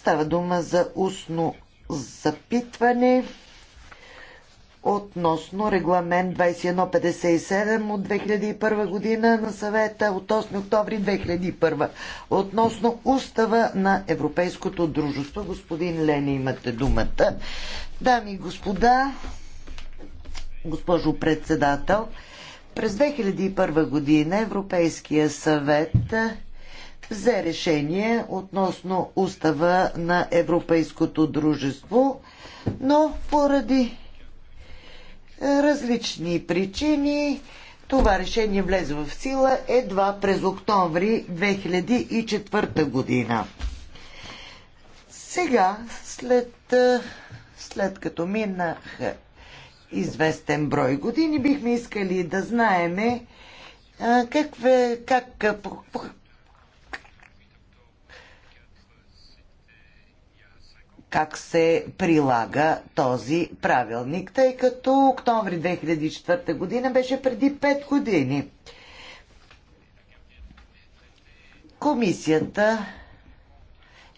Става дума за устно запитване относно регламент 2157 от 2001 година на съвета от 8 октомври 2001 относно устава на Европейското дружество. Господин Лени, имате думата. Дами и господа, госпожо председател, през 2001 година Европейския съвет взе решение относно устава на Европейското дружество, но поради е, различни причини това решение влезе в сила едва през октомври 2004 година. Сега, след, е, след като минах известен брой години, бихме искали да знаеме е, какве, как, по, по, как се прилага този правилник, тъй като октомври 2004 година беше преди 5 години. Комисията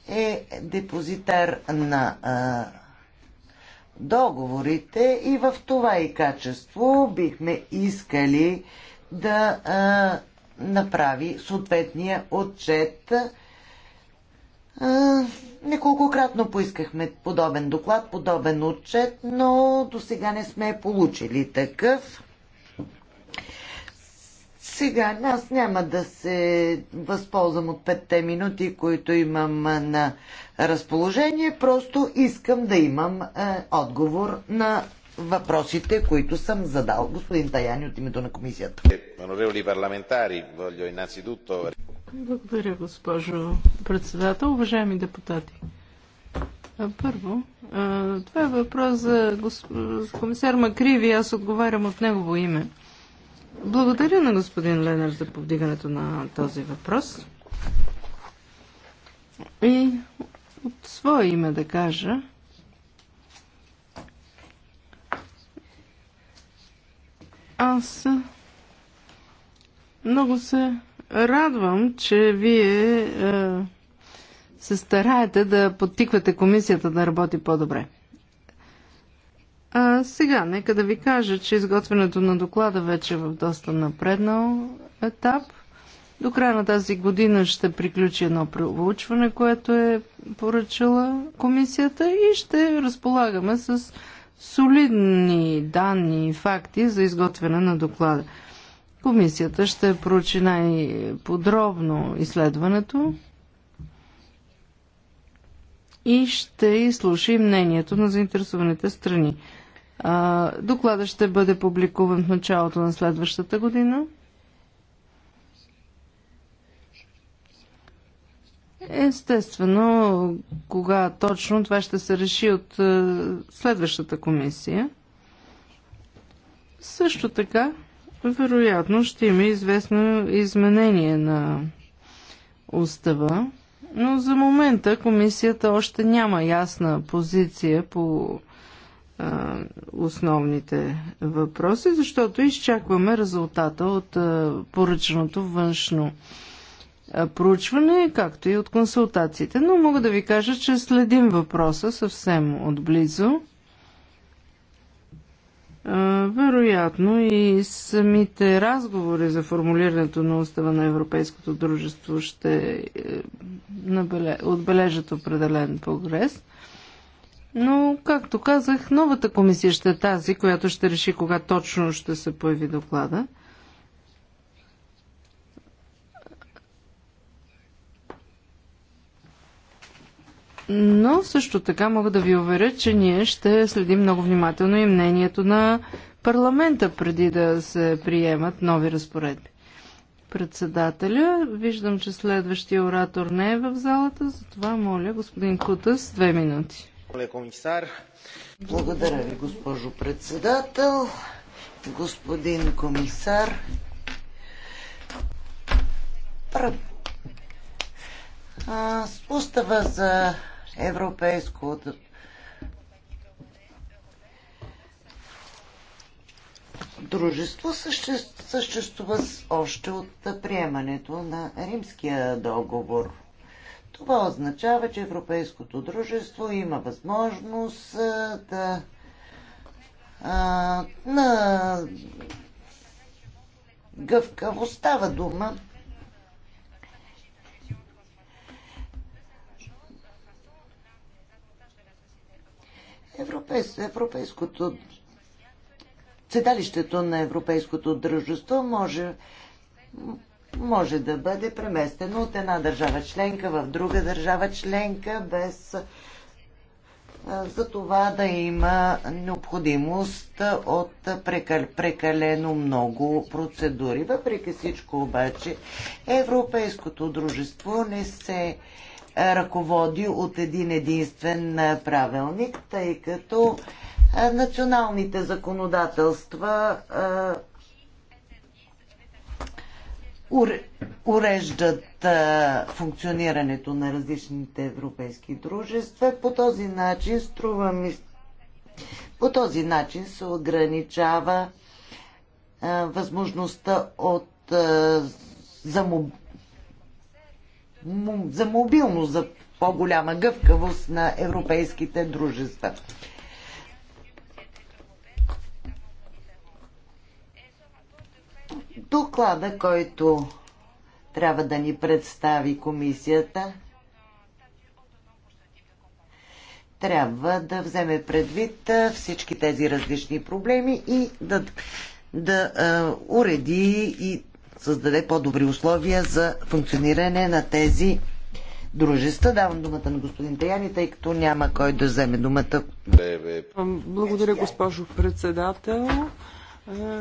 е депозитар на а, договорите и в това и качество бихме искали да а, направи съответния отчет Неколкократно поискахме подобен доклад, подобен отчет, но до сега не сме получили такъв. Сега аз няма да се възползвам от петте минути, които имам на разположение. Просто искам да имам е, отговор на въпросите, които съм задал. Господин Таяни от името на комисията. Благодаря, госпожо председател. Уважаеми депутати, първо, това е въпрос за комисар Макриви, аз отговарям от негово име. Благодаря на господин Ленер за повдигането на този въпрос. И от свое име да кажа, аз много се радвам, че вие е, се стараете да подтиквате комисията да работи по-добре. А сега, нека да ви кажа, че изготвянето на доклада вече е в доста напреднал етап. До края на тази година ще приключи едно проучване, което е поръчала комисията и ще разполагаме с солидни данни и факти за изготвяне на доклада. Комисията ще проучи най-подробно изследването и ще изслуши мнението на заинтересованите страни. Докладът ще бъде публикуван в началото на следващата година. Естествено, кога точно това ще се реши от следващата комисия. Също така, вероятно ще има известно изменение на устава, но за момента комисията още няма ясна позиция по а, основните въпроси, защото изчакваме резултата от а, поръчното външно проучване, както и от консултациите. Но мога да ви кажа, че следим въпроса съвсем отблизо вероятно и самите разговори за формулирането на устава на Европейското дружество ще е, отбележат определен прогрес. Но, както казах, новата комисия ще е тази, която ще реши кога точно ще се появи доклада. Но също така мога да ви уверя, че ние ще следим много внимателно и мнението на парламента преди да се приемат нови разпоредби. Председателя, виждам, че следващия оратор не е в залата, затова моля господин Кутас две минути. Благодаря ви, госпожо председател, господин комисар. Устава за европейско дружество съществува още от приемането на римския договор. Това означава, че Европейското дружество има възможност да а, на гъвкаво става дума Европейс, европейското седалището на Европейското дружество може, може да бъде преместено от една държава членка в друга държава членка без за това да има необходимост от прекалено много процедури. Въпреки всичко обаче, Европейското дружество не се ръководи от един единствен правилник, тъй като националните законодателства уреждат функционирането на различните европейски дружества. По този начин струва ми, по този начин се ограничава възможността от за за мобилност, за по-голяма гъвкавост на европейските дружества. Доклада, който трябва да ни представи комисията, трябва да вземе предвид всички тези различни проблеми и да, да а, уреди и създаде по-добри условия за функциониране на тези дружества. Давам думата на господин Таяни, тъй като няма кой да вземе думата. Благодаря, госпожо председател. Е,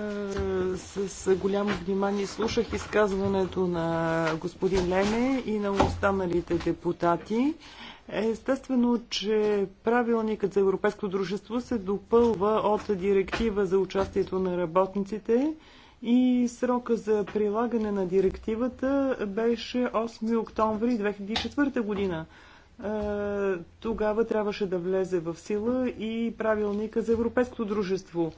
с голямо внимание слушах изказването на господин Лене и на останалите депутати. Естествено, че правилникът за Европейско дружество се допълва от директива за участието на работниците и срока за прилагане на директивата беше 8 октомври 2004 година. Е, тогава трябваше да влезе в сила и правилника за Европейското дружество.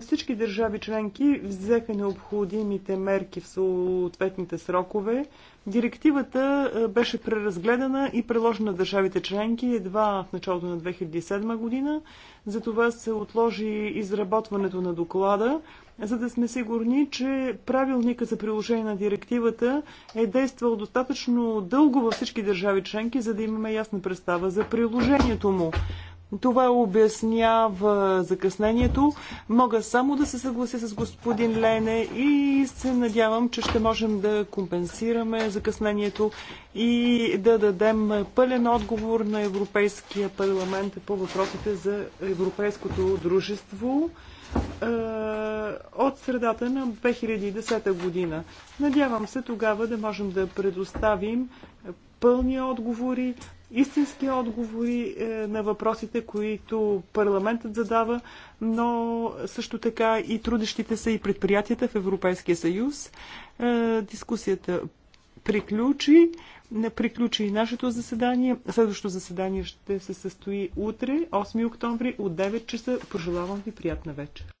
Всички държави членки взеха необходимите мерки в съответните срокове. Директивата е, беше преразгледана и приложена държавите членки едва в началото на 2007 година. Затова се отложи изработването на доклада, за да сме сигурни, че правилника за приложение на директивата е действал достатъчно дълго във всички държави членки, за да имаме ясна представа за приложението му. Това обяснява закъснението. Мога само да се съглася с господин Лене и се надявам, че ще можем да компенсираме закъснението и да дадем пълен отговор на Европейския парламент по въпросите за Европейското дружество от средата на 2010 година. Надявам се тогава да можем да предоставим пълни отговори, истински отговори е, на въпросите, които парламентът задава, но също така и трудещите са и предприятията в Европейския съюз. Е, дискусията приключи. Не приключи и нашето заседание. Следващото заседание ще се състои утре, 8 октомври, от 9 часа. Пожелавам ви приятна вечер.